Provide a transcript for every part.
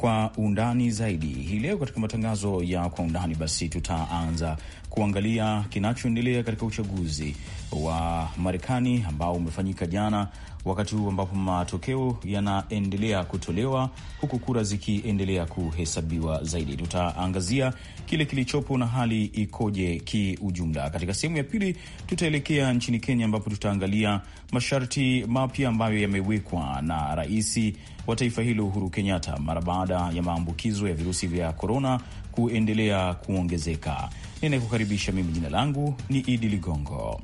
kwa undani zaidi hii leo katika matangazo ya kwa undani. Basi tutaanza kuangalia kinachoendelea katika uchaguzi wa Marekani ambao umefanyika jana, wakati huu ambapo matokeo yanaendelea kutolewa huku kura zikiendelea kuhesabiwa zaidi. Tutaangazia kile kilichopo na hali ikoje kiujumla. Katika sehemu ya pili, tutaelekea nchini Kenya ambapo tutaangalia masharti mapya ambayo yamewekwa na raisi wa taifa hilo Uhuru Kenyatta mara baada ya maambukizo ya virusi vya korona kuendelea kuongezeka. Ninayekukaribisha mimi, jina langu ni Idi Ligongo.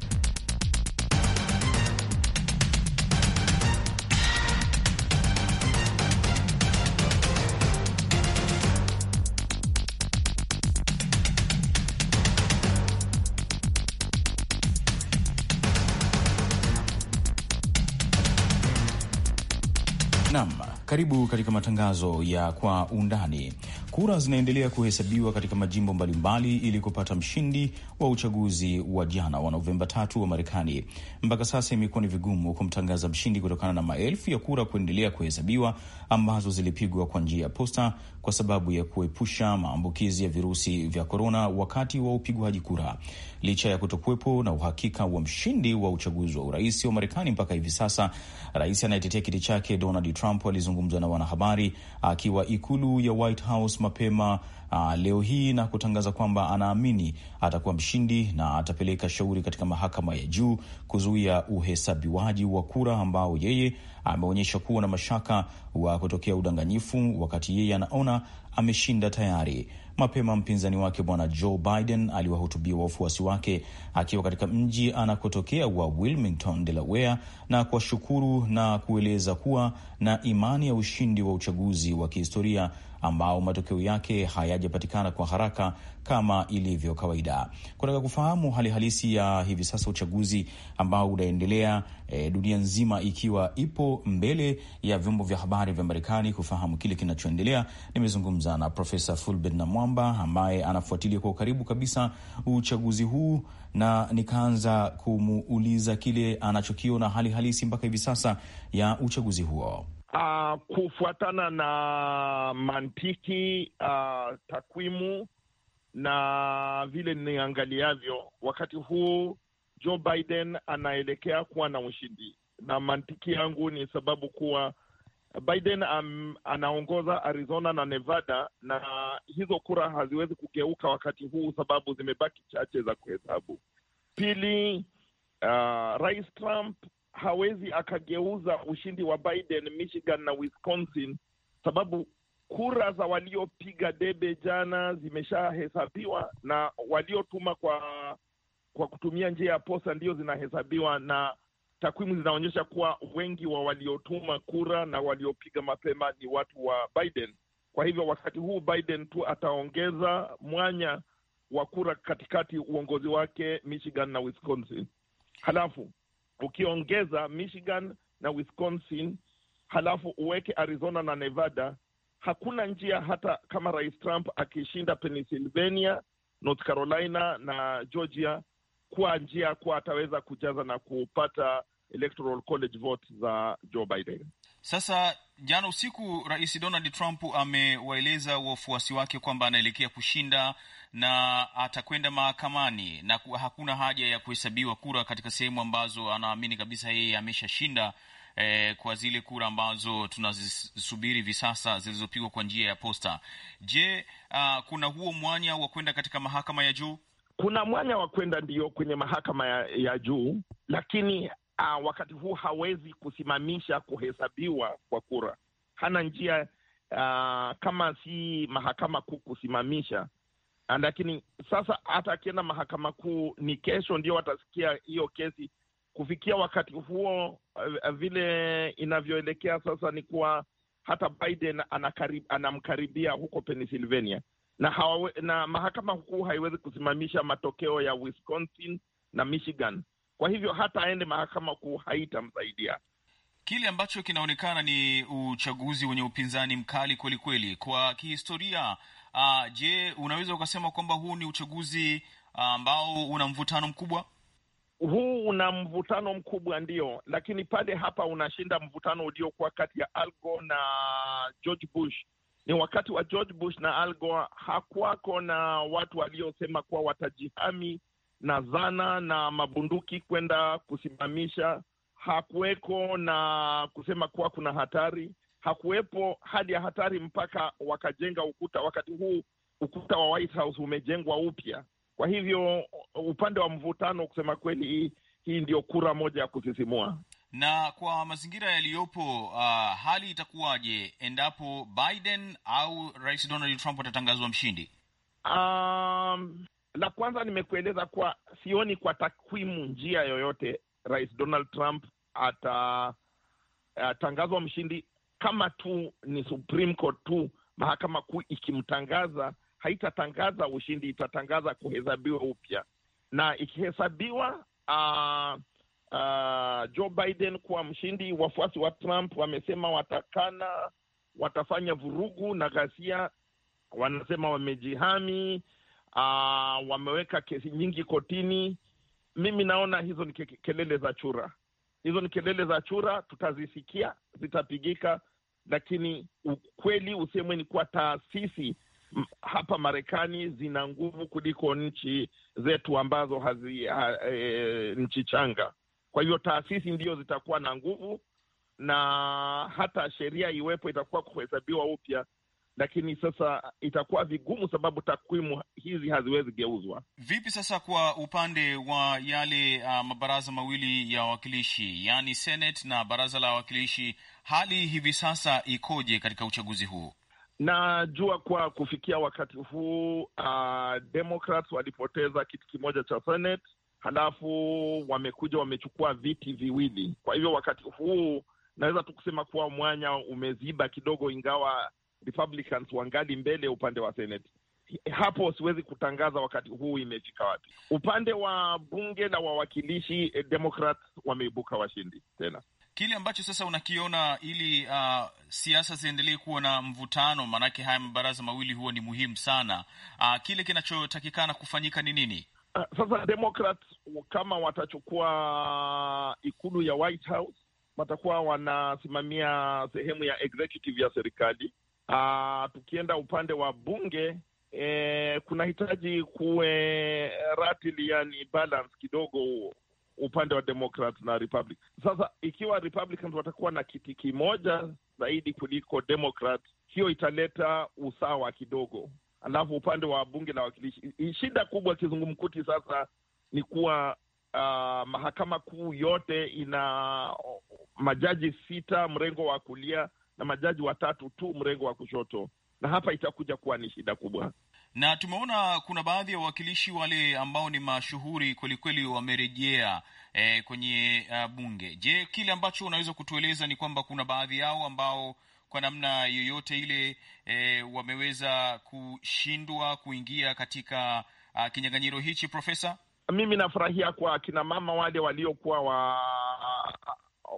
Karibu katika matangazo ya kwa undani. Kura zinaendelea kuhesabiwa katika majimbo mbalimbali ili kupata mshindi wa uchaguzi wa jana wa Novemba tatu wa Marekani. Mpaka sasa imekuwa ni vigumu kumtangaza mshindi kutokana na maelfu ya kura kuendelea kuhesabiwa ambazo zilipigwa kwa njia ya posta kwa sababu ya kuepusha maambukizi ya virusi vya korona wakati wa upigwaji kura. Licha ya kutokuwepo na uhakika wa mshindi wa uchaguzi wa urais wa Marekani mpaka hivi sasa, rais anayetetea kiti chake Donald Trump alizungumza na wanahabari akiwa ikulu ya White House mapema uh, leo hii na kutangaza kwamba anaamini atakuwa mshindi na atapeleka shauri katika mahakama ya juu kuzuia uhesabiwaji wa kura ambao yeye ameonyesha kuwa na mashaka wa kutokea udanganyifu, wakati yeye anaona ameshinda tayari. Mapema mpinzani wake bwana Joe Biden aliwahutubia wafuasi wake akiwa katika mji anakotokea wa Wilmington, Delaware, na kuwashukuru na kueleza kuwa na imani ya ushindi wa uchaguzi wa kihistoria ambao matokeo yake hayajapatikana kwa haraka kama ilivyo kawaida. Kutaka kufahamu hali halisi ya hivi sasa uchaguzi ambao unaendelea e, dunia nzima ikiwa ipo mbele ya vyombo vya habari vya Marekani kufahamu kile kinachoendelea, nimezungumza na Profesa Fulbert Namwamba ambaye anafuatilia kwa ukaribu kabisa uchaguzi huu, na nikaanza kumuuliza kile anachokiona hali halisi mpaka hivi sasa ya uchaguzi huo. Uh, kufuatana na mantiki uh, takwimu na vile niangaliavyo, wakati huu Joe Biden anaelekea kuwa na ushindi, na mantiki yangu ni sababu kuwa Biden um, anaongoza Arizona na Nevada, na hizo kura haziwezi kugeuka wakati huu sababu zimebaki chache za kuhesabu. Pili, uh, Rais Trump hawezi akageuza ushindi wa Biden Michigan na Wisconsin, sababu kura za waliopiga debe jana zimeshahesabiwa na waliotuma kwa kwa kutumia njia ya posta ndio zinahesabiwa, na takwimu zinaonyesha kuwa wengi wa waliotuma kura na waliopiga mapema ni watu wa Biden. Kwa hivyo wakati huu Biden tu ataongeza mwanya wa kura katikati uongozi wake Michigan na Wisconsin. Halafu ukiongeza Michigan na Wisconsin, halafu uweke Arizona na Nevada, hakuna njia hata kama Rais Trump akishinda Pennsylvania, North Carolina na Georgia kwa njia kuwa ataweza kujaza na kupata electoral college vote za Joe Biden. Sasa jana usiku Rais Donald Trump amewaeleza wafuasi wake kwamba anaelekea kushinda na atakwenda mahakamani na hakuna haja ya kuhesabiwa kura katika sehemu ambazo anaamini kabisa yeye ameshashinda. Eh, kwa zile kura ambazo tunazisubiri hivi sasa zilizopigwa kwa njia ya posta. Je, uh, kuna huo mwanya wa kwenda katika mahakama ya juu? Kuna mwanya wa kwenda ndiyo kwenye mahakama ya, ya juu, lakini uh, wakati huu hawezi kusimamisha kuhesabiwa kwa kura. Hana njia uh, kama si mahakama kuu kusimamisha Ah, lakini sasa hata akienda mahakama kuu ni kesho ndio watasikia hiyo kesi. Kufikia wakati huo, eh, vile inavyoelekea sasa ni kuwa hata Biden anakarib, anamkaribia huko Pennsylvania na, na mahakama kuu haiwezi kusimamisha matokeo ya Wisconsin na Michigan. Kwa hivyo hata aende mahakama kuu haitamsaidia. Kile ambacho kinaonekana ni uchaguzi wenye upinzani mkali kwelikweli kweli. Kwa kihistoria Uh, je, unaweza ukasema kwamba huu ni uchaguzi ah, ambao una mvutano mkubwa? Huu una mvutano mkubwa ndio, lakini pale hapa unashinda mvutano uliokuwa kati ya Al Gore na George Bush. Ni wakati wa George Bush na Al Gore hakuwako na watu waliosema kuwa watajihami na zana na mabunduki kwenda kusimamisha, hakuweko na kusema kuwa kuna hatari hakuwepo hali ya hatari mpaka wakajenga ukuta. Wakati huu ukuta wa White House umejengwa upya. Kwa hivyo upande wa mvutano, kusema kweli, hii hii ndio kura moja ya kusisimua. Na kwa mazingira yaliyopo, uh, hali itakuwaje endapo Biden au Rais Donald Trump atatangazwa mshindi? Um, la kwanza nimekueleza kwa sioni kwa takwimu njia yoyote Rais Donald Trump atatangazwa mshindi kama tu ni Supreme Court tu mahakama kuu ikimtangaza, haitatangaza ushindi, itatangaza kuhesabiwa upya, na ikihesabiwa uh, uh, Joe Biden kuwa mshindi, wafuasi wa Trump wamesema watakana, watafanya vurugu na ghasia, wanasema wamejihami, uh, wameweka kesi nyingi kotini. Mimi naona hizo ni kelele za chura, hizo ni kelele za chura, tutazisikia, zitapigika lakini ukweli usemwe ni kuwa taasisi hapa Marekani zina nguvu kuliko nchi zetu ambazo hazi ha, e, nchi changa. Kwa hivyo taasisi ndio zitakuwa na nguvu, na hata sheria iwepo itakuwa kuhesabiwa upya lakini sasa itakuwa vigumu, sababu takwimu hizi haziwezi geuzwa. Vipi sasa kwa upande wa yale uh, mabaraza mawili ya wawakilishi, yaani Senate na baraza la wawakilishi, hali hivi sasa ikoje katika uchaguzi huu? Najua kwa kufikia wakati huu uh, Democrats walipoteza kitu kimoja cha Senate, halafu wamekuja wamechukua viti viwili. Kwa hivyo wakati huu naweza tu kusema kuwa mwanya umeziba kidogo, ingawa Republicans wangali mbele upande wa Senate. Hapo siwezi kutangaza wakati huu imefika wapi. Upande wa bunge la wawakilishi, eh, Democrat wameibuka washindi tena. Kile ambacho sasa unakiona ili uh, siasa ziendelee kuwa na mvutano, maanake haya mabaraza mawili huwa ni muhimu sana. Uh, kile kinachotakikana kufanyika ni nini? Uh, sasa Democrat kama watachukua ikulu ya White House watakuwa wanasimamia sehemu ya executive ya serikali Aa, ah, tukienda upande wa bunge eh, kuna kunahitaji kuwe ratili, yani balance kidogo upande wa Democrats na Republic. Sasa ikiwa Republicans watakuwa na kiti kimoja zaidi kuliko Democrat, hiyo italeta usawa kidogo. Alafu upande wa bunge la wakilishi, shida kubwa kizungumkuti sasa ni kuwa uh, mahakama kuu yote ina majaji sita mrengo wa kulia na majaji watatu tu mrengo wa kushoto, na hapa itakuja kuwa ni shida kubwa. Na tumeona kuna baadhi ya wawakilishi wale ambao ni mashuhuri kwelikweli wamerejea e, kwenye uh, bunge. Je, kile ambacho unaweza kutueleza ni kwamba kuna baadhi yao ambao kwa namna yoyote ile e, wameweza kushindwa kuingia katika uh, kinyang'anyiro hichi, Profesa? Mimi nafurahia kwa kinamama mama wale waliokuwa wa,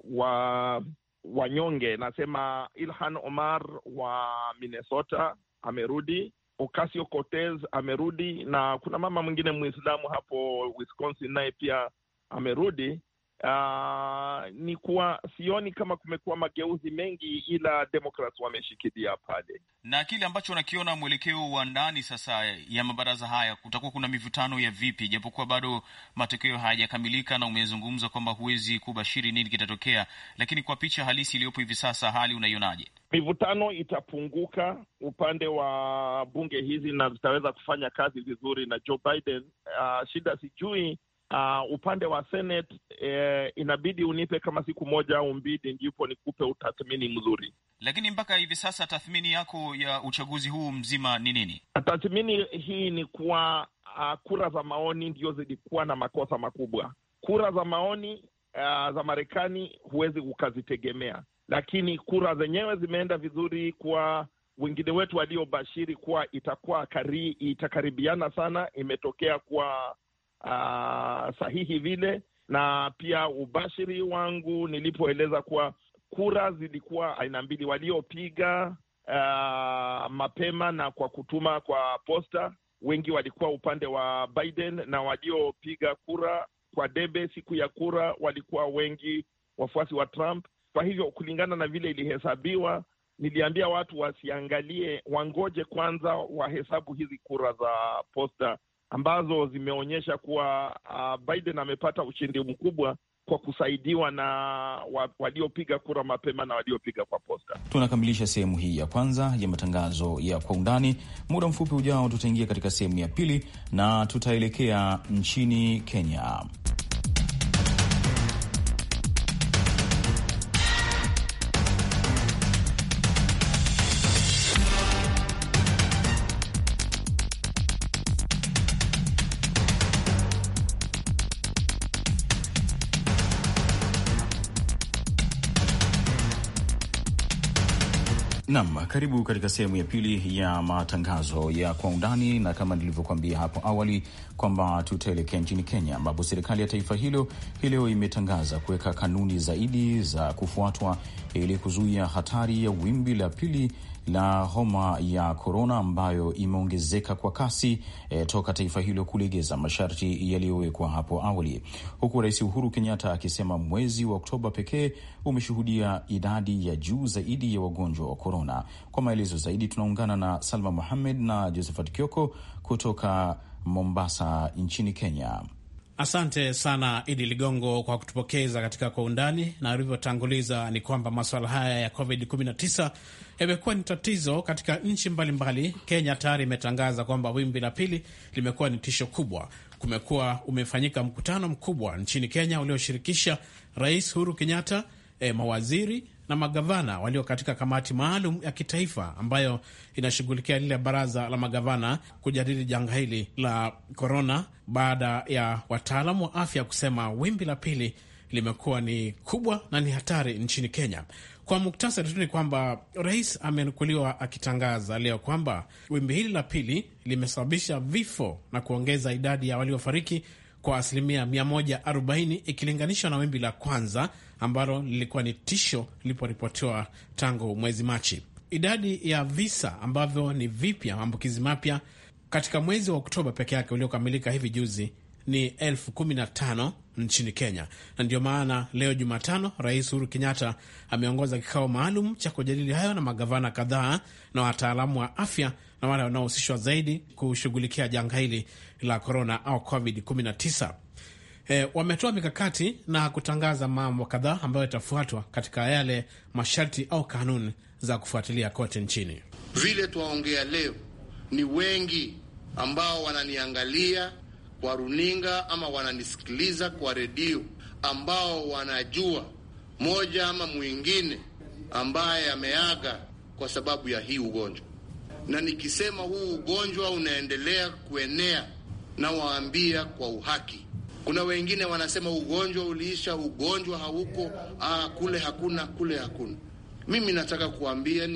wa wanyonge. Nasema Ilhan Omar wa Minnesota amerudi, Ocasio Cortez amerudi, na kuna mama mwingine Mwislamu hapo Wisconsin naye pia amerudi. Uh, ni kuwa sioni kama kumekuwa mageuzi mengi, ila demokrat wameshikilia pale, na kile ambacho unakiona mwelekeo wa ndani sasa ya mabaraza haya, kutakuwa kuna mivutano ya vipi, japokuwa bado matokeo hayajakamilika, na umezungumza kwamba huwezi kubashiri nini kitatokea, lakini kwa picha halisi iliyopo hivi sasa, hali unaionaje? Mivutano itapunguka upande wa bunge hizi na zitaweza kufanya kazi vizuri na Joe Biden. Uh, shida sijui Uh, upande wa Senate eh, inabidi unipe kama siku moja au mbili ndipo nikupe utathmini mzuri. Lakini mpaka hivi sasa tathmini yako ya uchaguzi huu mzima ni nini? Tathmini hii ni kuwa uh, kura za maoni ndio zilikuwa na makosa makubwa. Kura za maoni uh, za Marekani huwezi ukazitegemea, lakini kura zenyewe zimeenda vizuri kwa wengine wetu waliobashiri kuwa itakuwa kari, itakaribiana sana, imetokea kwa Ah, sahihi vile, na pia ubashiri wangu nilipoeleza kuwa kura zilikuwa aina mbili, waliopiga uh, mapema na kwa kutuma kwa posta wengi walikuwa upande wa Biden na waliopiga kura kwa debe siku ya kura walikuwa wengi wafuasi wa Trump. Kwa hivyo kulingana na vile ilihesabiwa, niliambia watu wasiangalie, wangoje kwanza wahesabu hizi kura za posta ambazo zimeonyesha kuwa uh, Biden amepata ushindi mkubwa kwa kusaidiwa na waliopiga kura mapema na waliopiga kwa posta. Tunakamilisha sehemu hii ya kwanza ya matangazo ya kwa undani. Muda mfupi ujao tutaingia katika sehemu ya pili na tutaelekea nchini Kenya. Nam, karibu katika sehemu ya pili ya matangazo ya kwa undani, na kama nilivyokuambia hapo awali kwamba tutaelekea nchini Kenya ambapo serikali ya taifa hilo hii leo imetangaza kuweka kanuni zaidi za kufuatwa ili kuzuia hatari ya wimbi la pili la homa ya korona ambayo imeongezeka kwa kasi e, toka taifa hilo kulegeza masharti yaliyowekwa hapo awali, huku Rais Uhuru Kenyatta akisema mwezi wa Oktoba pekee umeshuhudia idadi ya juu zaidi ya wagonjwa wa korona. Kwa maelezo zaidi tunaungana na Salma muhamed na Josephat Kioko kutoka Mombasa nchini Kenya. Asante sana Idi Ligongo kwa kutupokeza katika Kwa Undani, na alivyotanguliza ni kwamba maswala haya ya COVID-19 yamekuwa ni tatizo katika nchi mbalimbali. Kenya tayari imetangaza kwamba wimbi la pili limekuwa ni tisho kubwa. Kumekuwa umefanyika mkutano mkubwa nchini Kenya ulioshirikisha Rais Uhuru Kenyatta, e, mawaziri na magavana walio katika kamati maalum ya kitaifa ambayo inashughulikia lile baraza la magavana kujadili janga hili la korona, baada ya wataalamu wa afya kusema wimbi la pili limekuwa ni kubwa na ni hatari nchini Kenya. Kwa muktasari tu ni kwamba rais amenukuliwa akitangaza leo kwamba wimbi hili la pili limesababisha vifo na kuongeza idadi ya waliofariki kwa asilimia 140 ikilinganishwa na wimbi la kwanza ambalo lilikuwa ni tisho liliporipotiwa tangu mwezi Machi. Idadi ya visa ambavyo ni vipya, maambukizi mapya katika mwezi wa Oktoba peke yake uliokamilika hivi juzi ni elfu kumi na tano nchini Kenya, na ndiyo maana leo Jumatano Rais Uhuru Kenyatta ameongoza kikao maalum cha kujadili hayo na magavana kadhaa na wataalamu wa afya na wale wanaohusishwa zaidi kushughulikia janga hili la korona au COVID-19. E, wametoa mikakati na kutangaza mambo kadhaa ambayo yatafuatwa katika yale masharti au kanuni za kufuatilia kote nchini. Vile twaongea leo, ni wengi ambao wananiangalia kwa runinga ama wananisikiliza kwa redio, ambao wanajua moja ama mwingine ambaye ameaga kwa sababu ya hii ugonjwa. Na nikisema huu ugonjwa unaendelea kuenea, nawaambia kwa uhaki kuna wengine wanasema ugonjwa uliisha, ugonjwa hauko, ah, kule hakuna, kule hakuna. Mimi nataka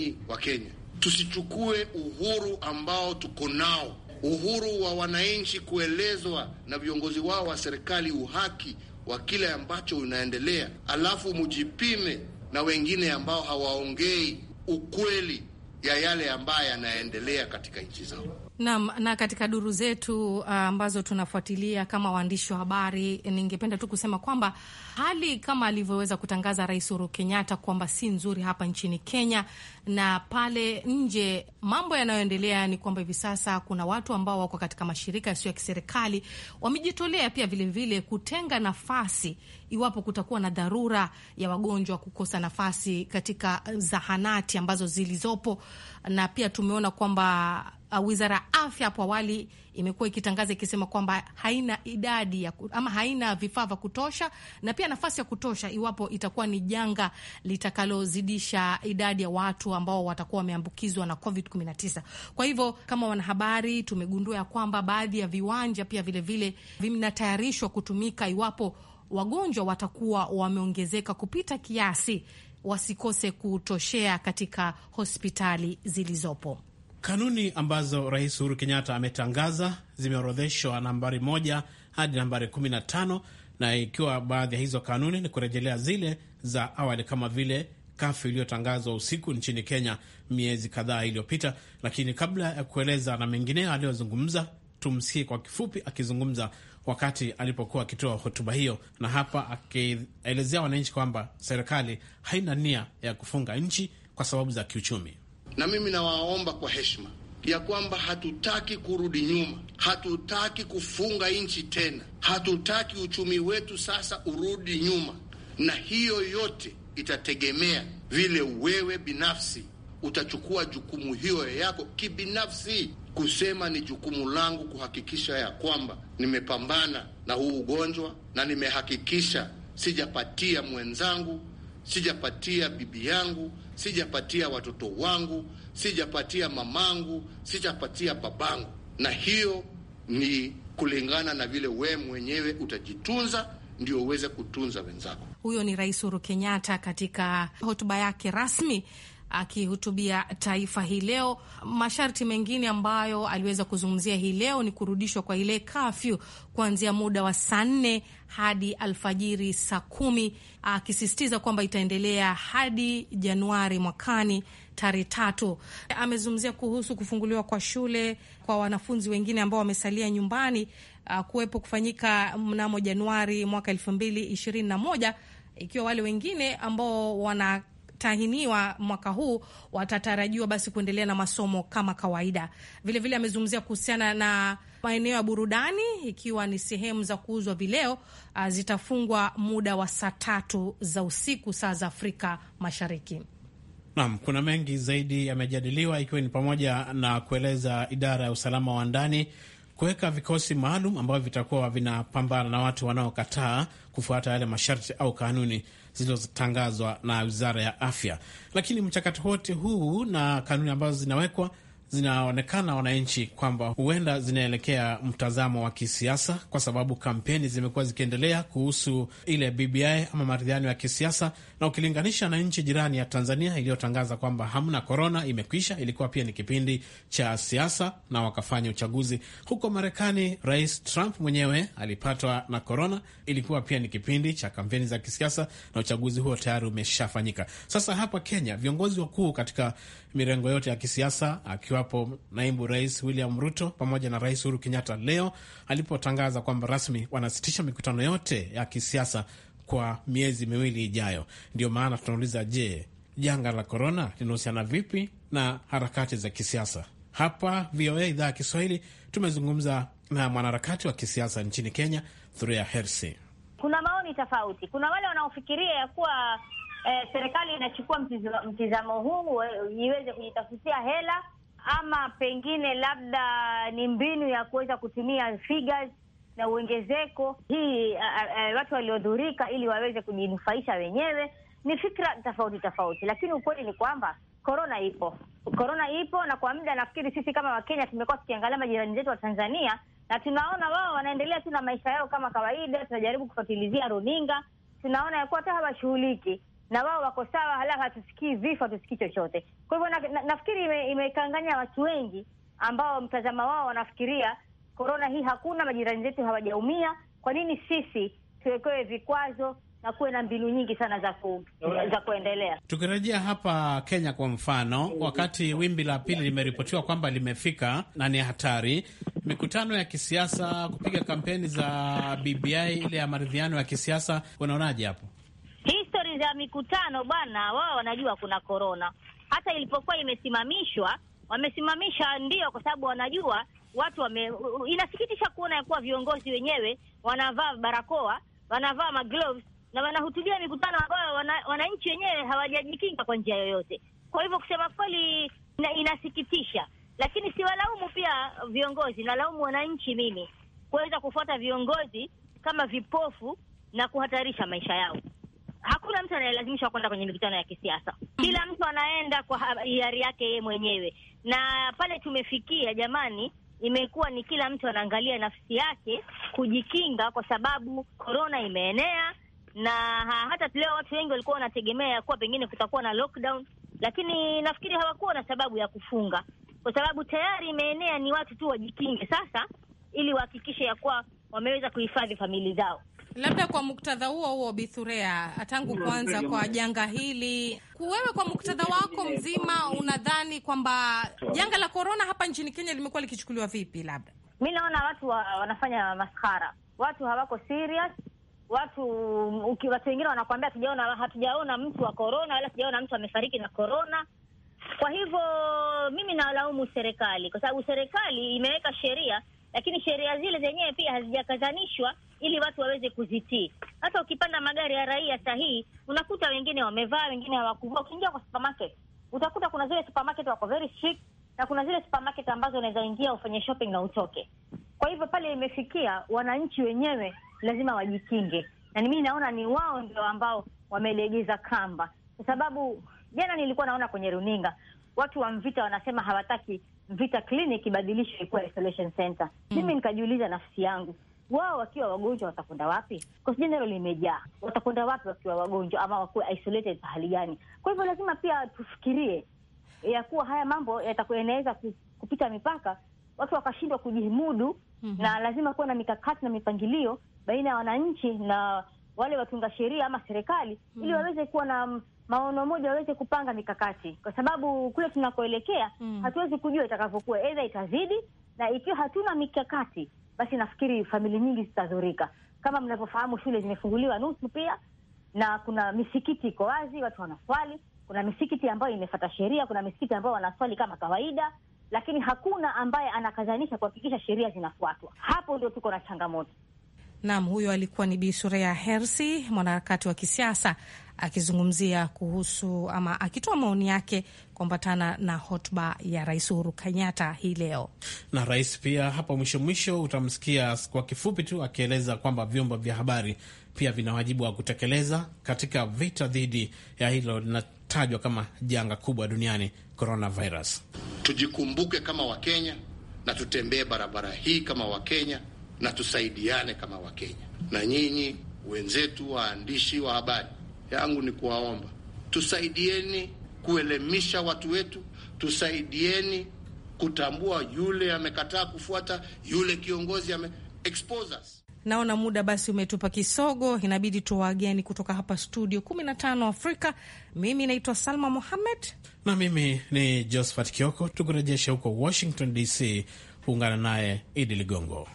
ni Wakenya, tusichukue uhuru ambao tuko nao, uhuru wa wananchi kuelezwa na viongozi wao wa serikali uhaki wa kile ambacho unaendelea, alafu mujipime na wengine ambao hawaongei ukweli ya yale ambayo yanaendelea katika nchi zao. Naam, na katika duru zetu uh, ambazo uh, tunafuatilia kama waandishi wa habari, ningependa tu kusema kwamba hali kama alivyoweza kutangaza Rais Uhuru Kenyatta kwamba si nzuri hapa nchini Kenya na pale nje, mambo yanayoendelea ni kwamba hivi sasa kuna watu ambao wako katika mashirika yasiyo ya kiserikali wamejitolea pia vilevile vile kutenga nafasi iwapo kutakuwa na dharura ya wagonjwa kukosa nafasi katika zahanati ambazo zilizopo, na pia tumeona kwamba uh, wizara ya afya hapo awali imekuwa ikitangaza ikisema kwamba haina idadi ya, ama haina vifaa vya kutosha na pia nafasi ya kutosha iwapo itakuwa ni janga litakalozidisha idadi ya watu ambao watakuwa wameambukizwa na COVID-19. Kwa hivyo kama wanahabari tumegundua ya kwamba baadhi ya viwanja pia vilevile vinatayarishwa kutumika iwapo wagonjwa watakuwa wameongezeka kupita kiasi, wasikose kutoshea katika hospitali zilizopo. Kanuni ambazo Rais Uhuru Kenyatta ametangaza zimeorodheshwa nambari moja hadi nambari 15 na ikiwa baadhi ya hizo kanuni ni kurejelea zile za awali kama vile kafu iliyotangazwa usiku nchini Kenya miezi kadhaa iliyopita. Lakini kabla ya kueleza na mengineo aliyozungumza, tumsikie kwa kifupi akizungumza wakati alipokuwa akitoa hotuba hiyo, na hapa akielezea wananchi kwamba serikali haina nia ya kufunga nchi kwa sababu za kiuchumi na mimi nawaomba kwa heshima ya kwamba hatutaki kurudi nyuma, hatutaki kufunga nchi tena, hatutaki uchumi wetu sasa urudi nyuma, na hiyo yote itategemea vile wewe binafsi utachukua jukumu hiyo yako kibinafsi, kusema ni jukumu langu kuhakikisha ya kwamba nimepambana na huu ugonjwa na nimehakikisha sijapatia mwenzangu, sijapatia bibi yangu, sijapatia watoto wangu, sijapatia mamangu, sijapatia babangu. Na hiyo ni kulingana na vile wewe mwenyewe utajitunza ndio uweze kutunza wenzako. Huyo ni Rais Uhuru Kenyatta katika hotuba yake rasmi akihutubia taifa hii leo. Masharti mengine ambayo aliweza kuzungumzia hii leo ni kurudishwa kwa ile kafyu kuanzia muda wa saa nne hadi alfajiri saa kumi, akisisitiza kwamba itaendelea hadi Januari mwakani tarehe tatu. Amezungumzia kuhusu kufunguliwa kwa shule kwa wanafunzi wengine ambao wamesalia nyumbani uh, kuwepo kufanyika mnamo Januari mwaka elfu mbili ishirini na moja ikiwa wale wengine ambao wana watahiniwa mwaka huu watatarajiwa basi kuendelea na masomo kama kawaida. Vilevile amezungumzia kuhusiana na maeneo ya burudani ikiwa ni sehemu za kuuzwa vileo ah, zitafungwa muda wa saa tatu za usiku saa za Afrika Mashariki. Naam, kuna mengi zaidi yamejadiliwa ikiwa ni pamoja na kueleza idara ya usalama wa ndani kuweka vikosi maalum ambavyo vitakuwa vinapambana na watu wanaokataa kufuata yale masharti au kanuni zilizotangazwa na Wizara ya Afya. Lakini mchakato wote huu na kanuni ambazo zinawekwa zinaonekana wananchi kwamba huenda zinaelekea mtazamo wa kisiasa, kwa sababu kampeni zimekuwa zikiendelea kuhusu ile BBI ama maridhiano ya kisiasa, na ukilinganisha na nchi jirani ya Tanzania iliyotangaza kwamba hamna korona, imekwisha, ilikuwa pia ni kipindi cha siasa na wakafanya uchaguzi. Huko Marekani, Rais Trump mwenyewe alipatwa na korona, ilikuwa pia ni kipindi cha kampeni za kisiasa na uchaguzi huo tayari umeshafanyika. Sasa hapa Kenya, viongozi wakuu katika mirengo yote ya kisiasa akiwa ambapo naibu rais William Ruto pamoja na rais Uhuru Kenyatta leo alipotangaza kwamba rasmi wanasitisha mikutano yote ya kisiasa kwa miezi miwili ijayo. Ndio maana tunauliza, je, janga la korona linahusiana vipi na harakati za kisiasa? Hapa VOA idhaa ya Kiswahili tumezungumza na mwanaharakati wa kisiasa nchini Kenya, Thuria Hersi. Kuna maoni tofauti. Kuna wale wanaofikiria ya kuwa eh, serikali inachukua mtizamo huu iweze kujitafutia hela ama pengine labda ni mbinu ya kuweza kutumia figures na uongezeko hii watu waliodhurika ili waweze kujinufaisha wenyewe. Ni fikra tofauti tofauti, lakini ukweli ni kwamba korona ipo, korona ipo, na kwa muda nafikiri sisi kama Wakenya tumekuwa tukiangalia majirani zetu wa Tanzania na tunaona wao wanaendelea tu na maisha yao kama kawaida. Tunajaribu kufuatilizia runinga, tunaona ya kuwa hata hawashughuliki na wao wako sawa, halafu hatusikii vifo, hatusikii chochote. Kwa hivyo na, na, nafikiri imekanganya ime watu wengi ambao mtazama wao wanafikiria korona hii hakuna, majirani zetu hawajaumia. Kwa nini sisi tuwekewe vikwazo na kuwe na mbinu nyingi sana za, ku, za kuendelea. Tukirejea hapa Kenya kwa mfano, wakati wimbi la pili limeripotiwa kwamba limefika na ni hatari, mikutano ya kisiasa, kupiga kampeni za BBI ile ya maridhiano ya kisiasa, unaonaje hapo? waenda mikutano bwana, wao wanajua kuna korona. Hata ilipokuwa imesimamishwa, wamesimamisha ndio, kwa sababu wanajua watu wame. Inasikitisha kuona ya kuwa viongozi wenyewe wanavaa barakoa, wanavaa magloves na wanahutubia mikutano ambayo wananchi wana wenyewe hawajajikinga kwa njia yoyote. Kwa hivyo kusema kweli inasikitisha, lakini siwalaumu pia viongozi, nalaumu wananchi mimi kuweza kufuata viongozi kama vipofu na kuhatarisha maisha yao hakuna mtu anayelazimishwa kwenda kwenye mikutano ya kisiasa. Kila mm. mtu anaenda kwa hiari yake yeye mwenyewe, na pale tumefikia jamani, imekuwa ni kila mtu anaangalia nafsi yake kujikinga, kwa sababu korona imeenea na ha, hata leo watu wengi walikuwa wanategemea ya kuwa pengine kutakuwa na lockdown, lakini nafikiri hawakuwa na sababu ya kufunga, kwa sababu tayari imeenea. Ni watu tu wajikinge sasa, ili wahakikishe ya kuwa wameweza kuhifadhi familia zao. Labda kwa muktadha huo huo, Bithurea, tangu kwanza kwa janga hili, wewe kwa muktadha wako mzima, unadhani kwamba janga la korona hapa nchini Kenya limekuwa likichukuliwa vipi? Labda mi naona watu wa, wanafanya maskara, watu hawako serious watu uki, watu wengine wanakuambia hatujaona hatujaona mtu wa korona wala hatujaona mtu amefariki na korona. Kwa hivyo mimi nawalaumu serikali, kwa sababu serikali imeweka sheria lakini sheria zile zenyewe pia hazijakazanishwa ili watu waweze kuzitii. Hata ukipanda magari ya raia sahihi, unakuta wengine wamevaa, wengine hawakuvaa. Ukiingia kwa supermarket utakuta kuna zile supermarket wako very strict na kuna zile supermarket ambazo unaweza ingia ufanye shopping na utoke. Kwa hivyo pale imefikia wananchi wenyewe lazima wajikinge, na mimi naona ni wao ndio ambao wamelegeza kamba, kwa sababu jana nilikuwa naona kwenye runinga watu wa Mvita wanasema hawataki Vita Clinic ibadilishwe ikuwa isolation center. Mm. Mimi nikajiuliza nafsi yangu, wao wakiwa wagonjwa watakwenda wapi? Kwa General limejaa, watakwenda wapi wakiwa wagonjwa ama wakuwa isolated pahali gani? Kwa hivyo lazima pia tufikirie ya kuwa haya mambo yatakuwa yanaweza kupita mipaka, watu wakashindwa kujimudu. Mm -hmm. Na lazima kuwa na mikakati na mipangilio baina ya wananchi na wale watunga sheria ama serikali, mm -hmm. ili mhm. waweze kuwa na maono moja waweze kupanga mikakati, kwa sababu kule tunakoelekea mm. hatuwezi kujua itakavyokuwa, aidha itazidi, na ikiwa hatuna mikakati, basi nafikiri famili nyingi zitadhurika. Kama mnavyofahamu, shule zimefunguliwa nusu pia, na kuna misikiti iko wazi, watu wanaswali. Kuna misikiti ambayo imefata sheria, kuna misikiti ambayo wanaswali kama kawaida, lakini hakuna ambaye anakazanisha kuhakikisha sheria zinafuatwa. Hapo ndio tuko na changamoto. Nam, huyo alikuwa ni Bi Surea Hersi, mwanaharakati wa kisiasa akizungumzia kuhusu ama akitoa maoni yake kuambatana na hotuba ya Rais Uhuru Kenyatta hii leo. Na rais pia hapo mwisho mwisho utamsikia kwa kifupi tu akieleza kwamba vyombo vya habari pia vina wajibu wa kutekeleza katika vita dhidi ya hilo linatajwa kama janga kubwa duniani, coronavirus. Tujikumbuke kama Wakenya na tutembee barabara hii kama Wakenya na tusaidiane kama Wakenya. Na nyinyi wenzetu waandishi wa habari, yangu ni kuwaomba tusaidieni kuelemisha watu wetu, tusaidieni kutambua yule amekataa kufuata, yule kiongozi ame expose us. Naona muda basi umetupa kisogo, inabidi tuwaageni kutoka hapa studio 15 Afrika. Mimi naitwa Salma Mohamed na mimi ni Josephat Kioko, tukurejesha huko Washington DC kuungana naye Idi Ligongo.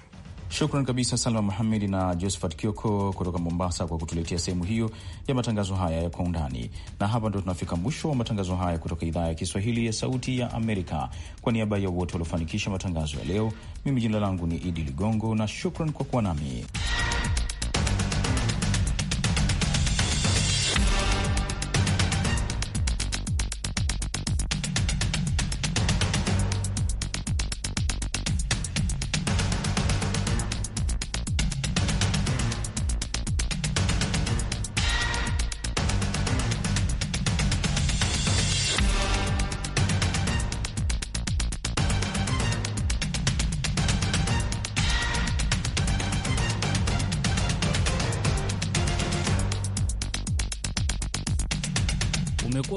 Shukran kabisa Salma Muhamedi na Josephat Kioko kutoka Mombasa kwa kutuletea sehemu hiyo ya matangazo haya ya kwa undani. Na hapa ndo tunafika mwisho wa matangazo haya kutoka idhaa ya Kiswahili ya Sauti ya Amerika. Kwa niaba ya wote waliofanikisha matangazo ya leo, mimi jina langu ni Idi Ligongo na shukran kwa kuwa nami.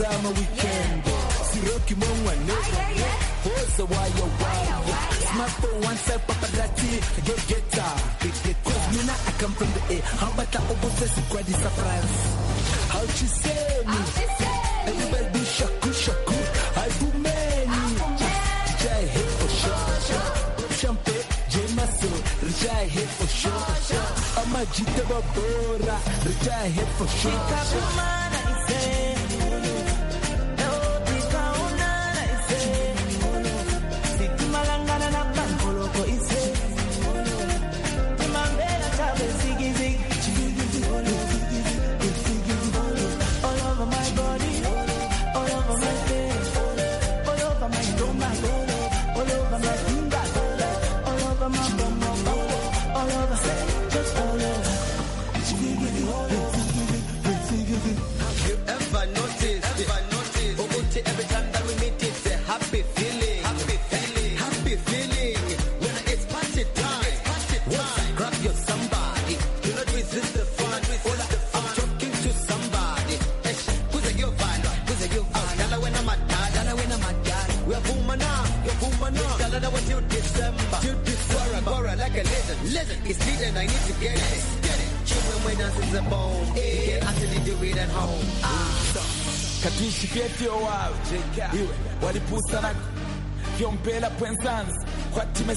summer weekend. Siroki mongwa nega. Hoza wayo wayo. Smart for one side paparazzi. Get getter. Cause now, I come from the air. How about I obose the quad is a surprise. How she say me? Everybody do shaku shaku. I do many. Jai hit for sure. Champe, Jemaso. Jai hit for sure. I'm a jitaba bora. Jai hit for sure.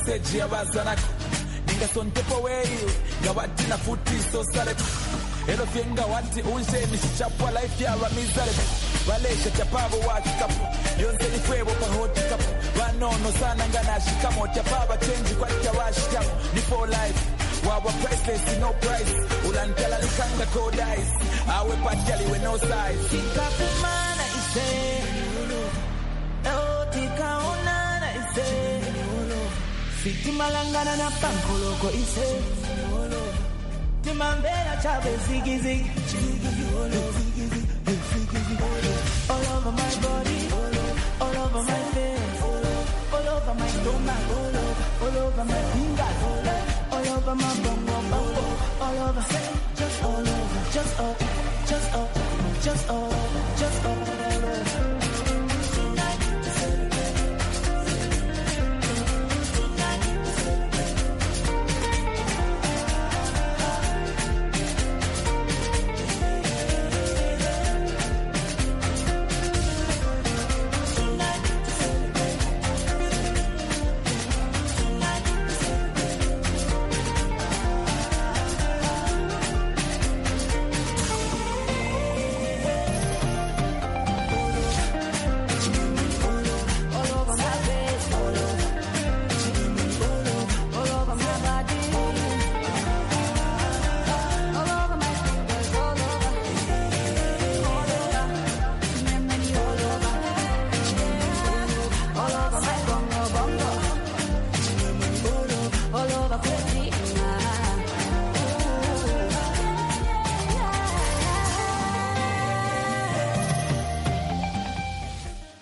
meseji yabazanaku ndingaso ntepoweyi ngawati nafutiso saleku ero fye ngawati unjeni shichapwa life yabamizaleku balesha chapavo wachikapu yonse ifwebo pahotikapu vanono sana nganashikamo tyapava chenji kwatya washityamu ni for life wawa priceless no price ulantala likanga kodais awe patiali we no size kikapumana isee timalangana na pankoloko ise timambela chabe zigizig all over my body all over my face all over my stomach all over my fingers all over my bongo bongo all over just all over just all just all just all just all